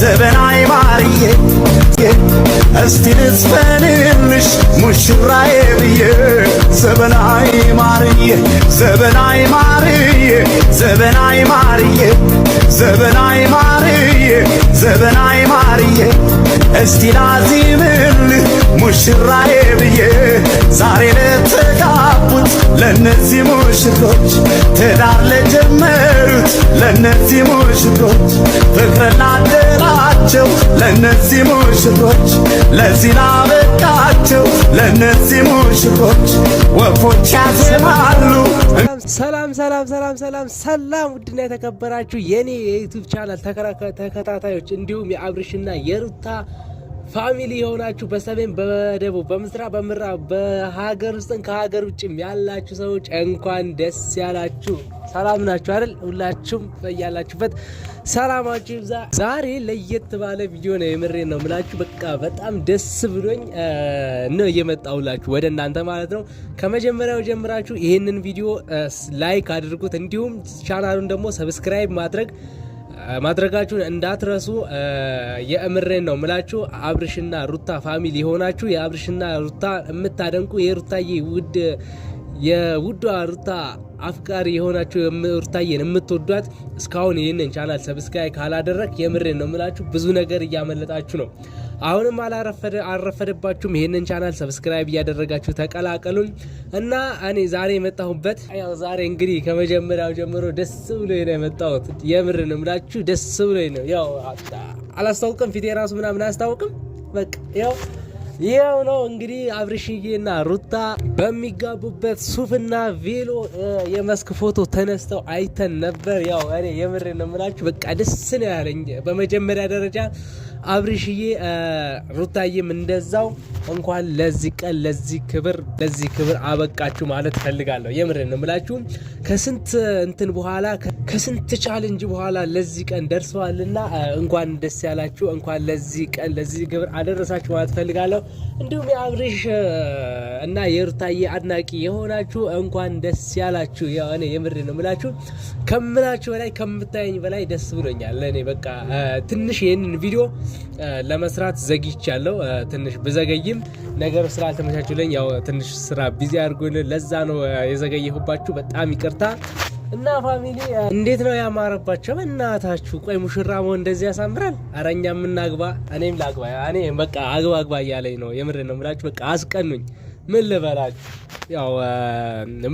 ዘበናይ ማርዬ እስቲ ልዝፈንልሽ ሙሽራዬ ብዬ ዘበናይ ማርዬ ዘበናይ ማርዬ ዘበናይ ማርዬ ዘበናይ ማርዬ ዘበናይ ማርዬ እስቲ ላዚምልህ ሙሽራዬ ብዬ ዛሬ ለተጋ ለነዚህ ሙሽሮች ትዳር ለጀመሩት ለነዚህ ሙሽሮች ፍቅር ላደራቸው ለነዚህ ሙሽሮች ለዚህ ላበቃቸው ለነዚህ ሙሽሮች ወፎች ያዘማሉ። ሰላም ሰላም ሰላም ሰላም ሰላም! ውድና የተከበራችሁ የኔ የዩቱብ ቻናል ተከታታዮች እንዲሁም የአብርሽና የሩታ ፋሚሊ የሆናችሁ በሰሜን በደቡብ በምስራቅ በምዕራብ በሀገር ውስጥን ከሀገር ውጭም ያላችሁ ሰዎች እንኳን ደስ ያላችሁ። ሰላም ናችሁ አይደል? ሁላችሁም በያላችሁበት ሰላማችሁ ይብዛ። ዛሬ ለየት ባለ ቪዲዮ ነው፣ የምሬ ነው ምላችሁ። በቃ በጣም ደስ ብሎኝ ነው እየመጣሁላችሁ ወደ እናንተ ማለት ነው። ከመጀመሪያው ጀምራችሁ ይህንን ቪዲዮ ላይክ አድርጉት፣ እንዲሁም ቻናሉን ደግሞ ሰብስክራይብ ማድረግ ማድረጋችሁን እንዳትረሱ። የእምሬን ነው ምላችሁ። አብርሽና ሩታ ፋሚሊ የሆናችሁ የአብርሽና ሩታ የምታደንቁ የሩታዬ ውድ የውዷ ሩታ አፍቃሪ የሆናችሁ ሩታዬን የምትወዷት እስካሁን ይህንን ቻናል ሰብስክራይ ካላደረግ የምሬን ነው ምላችሁ፣ ብዙ ነገር እያመለጣችሁ ነው። አሁንም አልረፈደባችሁም። ይህንን ቻናል ሰብስክራይብ እያደረጋችሁ ተቀላቀሉን እና እኔ ዛሬ የመጣሁበት ያው ዛሬ እንግዲህ ከመጀመሪያው ጀምሮ ደስ ብሎ ነው የመጣሁት። የምር ነው ምላችሁ፣ ደስ ብሎ ነው። ያው አላስታውቅም፣ ፊቴ ራሱ ምናምን አያስታውቅም። በቃ ያው ይኸው ነው እንግዲህ አብርሽዬና ሩታ በሚጋቡበት ሱፍና ቬሎ የመስክ ፎቶ ተነስተው አይተን ነበር። ያው እኔ የምሬን ነው የምላችሁ፣ በቃ ደስ ነው ያለኝ በመጀመሪያ ደረጃ አብርሽዬ ሩታዬም እንደዛው እንኳን ለዚህ ቀን ለዚህ ክብር ለዚህ ክብር አበቃችሁ ማለት ፈልጋለሁ። የምር ነው ከስንት እንትን በኋላ ከስንት ቻሌንጅ በኋላ ለዚህ ቀን ደርሰዋልና እንኳን ደስ ያላችሁ፣ እንኳን ለዚህ ቀን ለዚህ ክብር አደረሳችሁ ማለት ፈልጋለሁ። እንዲሁም የአብርሽ እና የሩታዬ አድናቂ የሆናችሁ እንኳን ደስ ያላችሁ። እኔ የምር ነው የምላችሁ። ከምላችሁ በላይ ከምታየኝ በላይ ደስ ብሎኛል። ለእኔ በቃ ትንሽ ይህንን ቪዲዮ ለመስራት ያለው ትንሽ ብዘገይም ነገር አልተመቻችሁልኝ፣ ያው ትንሽ ስራ ቢዚ አድርጎን ለዛ ነው የዘገየሁባችሁ። በጣም ይቅርታ እና ፋሚሊ እንዴት ነው ያማረባቸው በእናታችሁ። ቆይ ሙሽራ መሆን እንደዚህ ያሳምራል። አረ እኛም እናግባ፣ እኔም ላግባ። እኔ በቃ አግባ አግባ እያለኝ ነው። የምር ነው የምላችሁ። በቃ አስቀኑኝ። ምን ልበላችሁ፣ ያው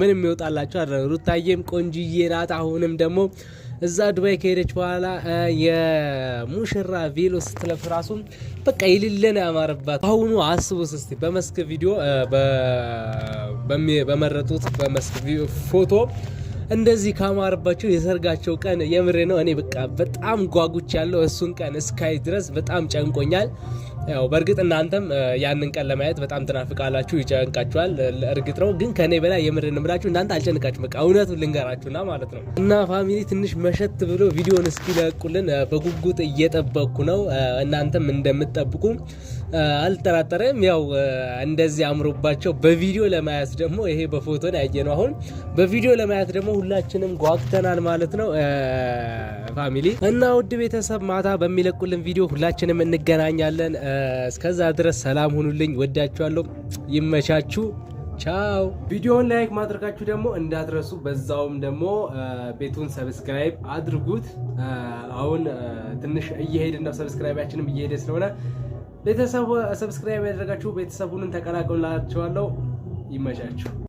ምን የሚወጣላችሁ አረ ሩታዬም ቆንጅዬ ናት። አሁንም ደግሞ እዛ ዱባይ ከሄደች በኋላ የሙሽራ ቬሎ ስትለፍ ራሱ በቃ የሌለን ያማረባት። አሁኑ አስቡ ስስቲ በመስክ ቪዲዮ በመረጡት በመስክ ፎቶ እንደዚህ ካማርባቸው የሰርጋቸው ቀን የምሬ ነው። እኔ በቃ በጣም ጓጉች ያለው እሱን ቀን እስካይ ድረስ በጣም ጨንቆኛል። ያው በእርግጥ እናንተም ያንን ቀን ለማየት በጣም ትናፍቃላችሁ፣ ይጨንቃችኋል። እርግጥ ነው ግን ከኔ በላይ የምር እንምላችሁ እናንተ አልጨንቃችሁ፣ በቃ እውነቱን ልንገራችሁና ማለት ነው። እና ፋሚሊ ትንሽ መሸት ብሎ ቪዲዮን እስኪለቁልን በጉጉት እየጠበቅኩ ነው። እናንተም እንደምትጠብቁ አልጠራጠረም። ያው እንደዚህ አምሮባቸው በቪዲዮ ለማየት ደግሞ ይሄ በፎቶ ያየ ነው። አሁን በቪዲዮ ለማየት ደግሞ ሁላችንም ጓግተናል ማለት ነው ፋሚሊ እና ውድ ቤተሰብ ማታ በሚለቁልን ቪዲዮ ሁላችንም እንገናኛለን። እስከዛ ድረስ ሰላም ሁኑልኝ። ወዳችኋለሁ። ይመቻችሁ። ቻው። ቪዲዮውን ላይክ ማድረጋችሁ ደግሞ እንዳትረሱ። በዛውም ደግሞ ቤቱን ሰብስክራይብ አድርጉት። አሁን ትንሽ እየሄድን ነው፣ ሰብስክራይባችንም እየሄደ ስለሆነ ቤተሰብ ሰብስክራይብ ያደረጋችሁ ቤተሰቡንን ተቀላቀሉላችኋለሁ። ይመቻችሁ።